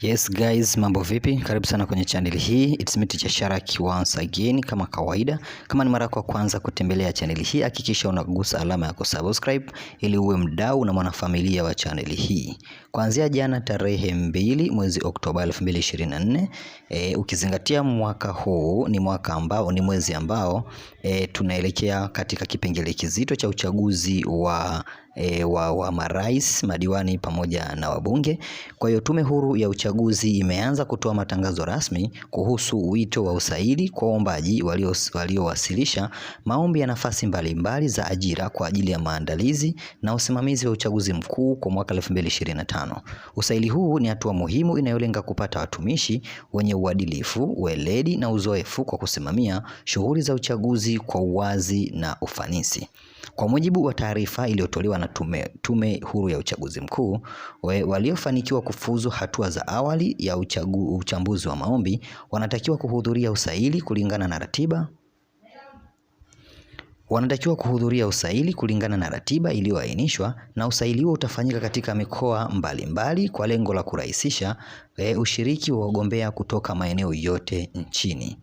Yes guys, mambo vipi? Karibu sana kwenye channel hii. It's me Teacher Sharak once again kama kawaida. Kama ni mara yako ya kwanza kutembelea channel hii, hakikisha unagusa alama ya kusubscribe ili uwe mdau na mwanafamilia wa channel hii. Kuanzia jana tarehe mbili mwezi Oktoba 2024, e, ukizingatia mwaka huu ni mwaka ambao ni mwezi ambao e, tunaelekea katika kipengele kizito cha uchaguzi wa e, wa, wa marais, madiwani pamoja na wabunge. Kwa hiyo tume huru ya uchaguzi imeanza kutoa matangazo rasmi kuhusu wito wa usaili kwa waombaji waliowasilisha walio maombi ya nafasi mbalimbali mbali za ajira kwa ajili ya maandalizi na usimamizi wa uchaguzi mkuu kwa mwaka 2025. Usaili huu ni hatua muhimu inayolenga kupata watumishi wenye uadilifu, weledi na uzoefu kwa kusimamia shughuli za uchaguzi kwa uwazi na ufanisi. Kwa mujibu wa taarifa iliyotolewa na tume, tume huru ya uchaguzi mkuu waliofanikiwa kufuzu hatua za awali ya uchagu, uchambuzi wa maombi wanatakiwa kuhudhuria usaili kulingana na ratiba wanatakiwa kuhudhuria usaili kulingana na ratiba iliyoainishwa na usaili huo utafanyika katika mikoa mbalimbali mbali, kwa lengo la kurahisisha e, ushiriki wa wagombea kutoka maeneo yote nchini.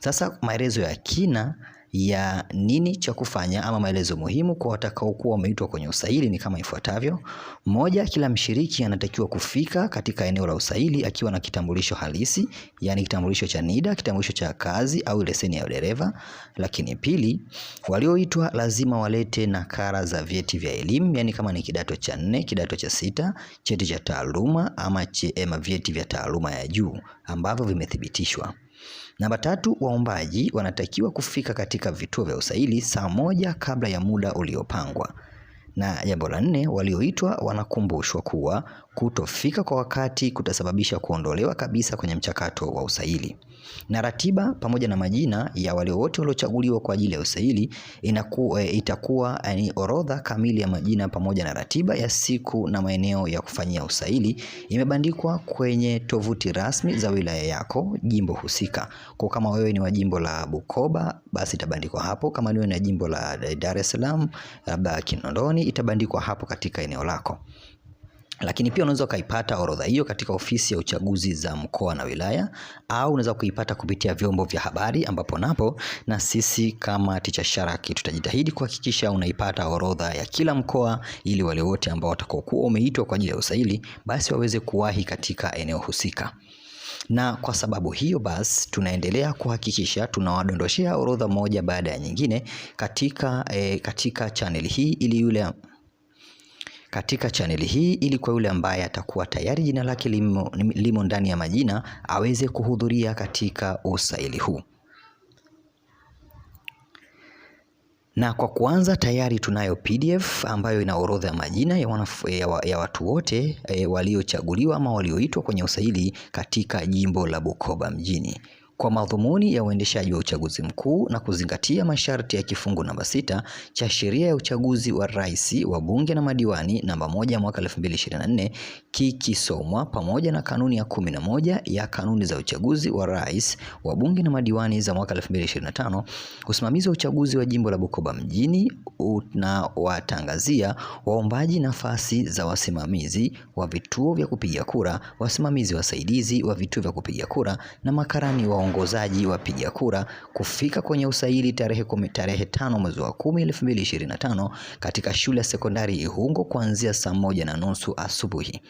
Sasa maelezo ya kina ya nini cha kufanya ama maelezo muhimu kwa watakaokuwa wameitwa kwenye usaili ni kama ifuatavyo. Moja, kila mshiriki anatakiwa kufika katika eneo la usaili akiwa na kitambulisho halisi, yani kitambulisho cha NIDA, kitambulisho cha kazi au leseni ya udereva. Lakini pili, walioitwa lazima walete nakala za vyeti vya elimu, yani kama ni kidato cha nne, kidato cha sita, cheti cha taaluma ama vyeti vya taaluma ya juu ambavyo vimethibitishwa. Namba tatu, waombaji wanatakiwa kufika katika vituo vya usaili saa moja kabla ya muda uliopangwa. Na jambo la nne, walioitwa wanakumbushwa kuwa Kutofika kwa wakati kutasababisha kuondolewa kabisa kwenye mchakato wa usaili, na ratiba pamoja na majina ya wale wote waliochaguliwa kwa ajili ya usaili inaku, e, itakuwa yani e, orodha kamili ya majina pamoja na ratiba ya siku na maeneo ya kufanyia usaili imebandikwa kwenye tovuti rasmi za wilaya yako jimbo husika. Kwa kama wewe ni wa jimbo la Bukoba, basi itabandikwa hapo. Kama ni wa jimbo la Dar es Salaam, labda Kinondoni, itabandikwa hapo katika eneo lako lakini pia unaweza ukaipata orodha hiyo katika ofisi ya uchaguzi za mkoa na wilaya, au unaweza kuipata kupitia vyombo vya habari, ambapo napo na sisi kama Ticha Sharaki tutajitahidi kuhakikisha unaipata orodha ya kila mkoa, ili wale wote ambao watakokuwa umeitwa kwa ajili ya usaili basi waweze kuwahi katika eneo husika na kwa sababu hiyo basi tunaendelea kuhakikisha tunawadondoshea orodha moja baada ya nyingine katika, e, katika chaneli hii ili yule katika chaneli hii, ili kwa yule ambaye atakuwa tayari jina lake limo, limo ndani ya majina aweze kuhudhuria katika usaili huu. Na kwa kuanza tayari tunayo PDF ambayo ina orodha ya majina ya, wanafu, ya, ya watu wote e, waliochaguliwa ama walioitwa kwenye usaili katika jimbo la Bukoba mjini kwa madhumuni ya uendeshaji wa uchaguzi mkuu na kuzingatia masharti ya kifungu namba sita cha sheria ya uchaguzi wa rais wa bunge na madiwani namba moja mwaka 2024 kikisomwa pamoja na kanuni ya kumi na moja ya kanuni za uchaguzi wa rais wa bunge na madiwani za mwaka 2025, usimamizi wa uchaguzi wa jimbo la Bukoba mjini unawatangazia waombaji nafasi za wasimamizi wa vituo vya kupiga kura, wasimamizi wasaidizi wa vituo vya kupiga kura na makarani waongozaji wapiga kura kufika kwenye usaili tarehe tarehe tano mwezi wa kumi 2025 katika shule ya sekondari Ihungo kuanzia saa moja na nusu asubuhi.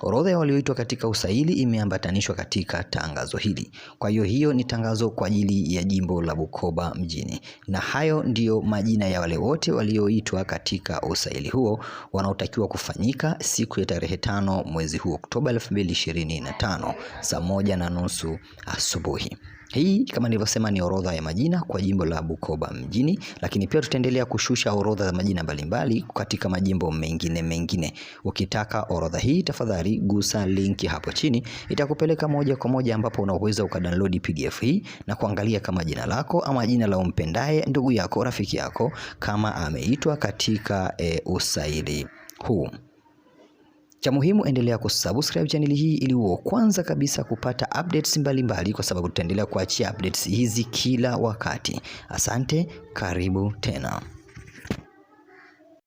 Orodha ya walioitwa katika usaili imeambatanishwa katika tangazo hili. Kwa hiyo hiyo ni tangazo kwa ajili ya jimbo la Bukoba mjini, na hayo ndiyo majina ya wale wote walioitwa katika usaili huo wanaotakiwa kufanyika siku ya tarehe tano mwezi huu Oktoba 2025 saa moja na nusu asubuhi. Hii kama nilivyosema ni orodha ya majina kwa jimbo la Bukoba mjini, lakini pia tutaendelea kushusha orodha za majina mbalimbali katika majimbo mengine mengine. Ukitaka orodha hii, tafadhali gusa linki hapo chini, itakupeleka moja kwa moja ambapo unaweza ukadownload PDF hii na kuangalia kama jina lako ama jina la umpendaye ndugu yako, rafiki yako, kama ameitwa katika e, usaili huu. Cha muhimu, endelea kusubscribe channel hii ili uwe kwanza kabisa kupata updates mbalimbali mbali, kwa sababu tutaendelea kuachia updates hizi kila wakati. Asante, karibu tena.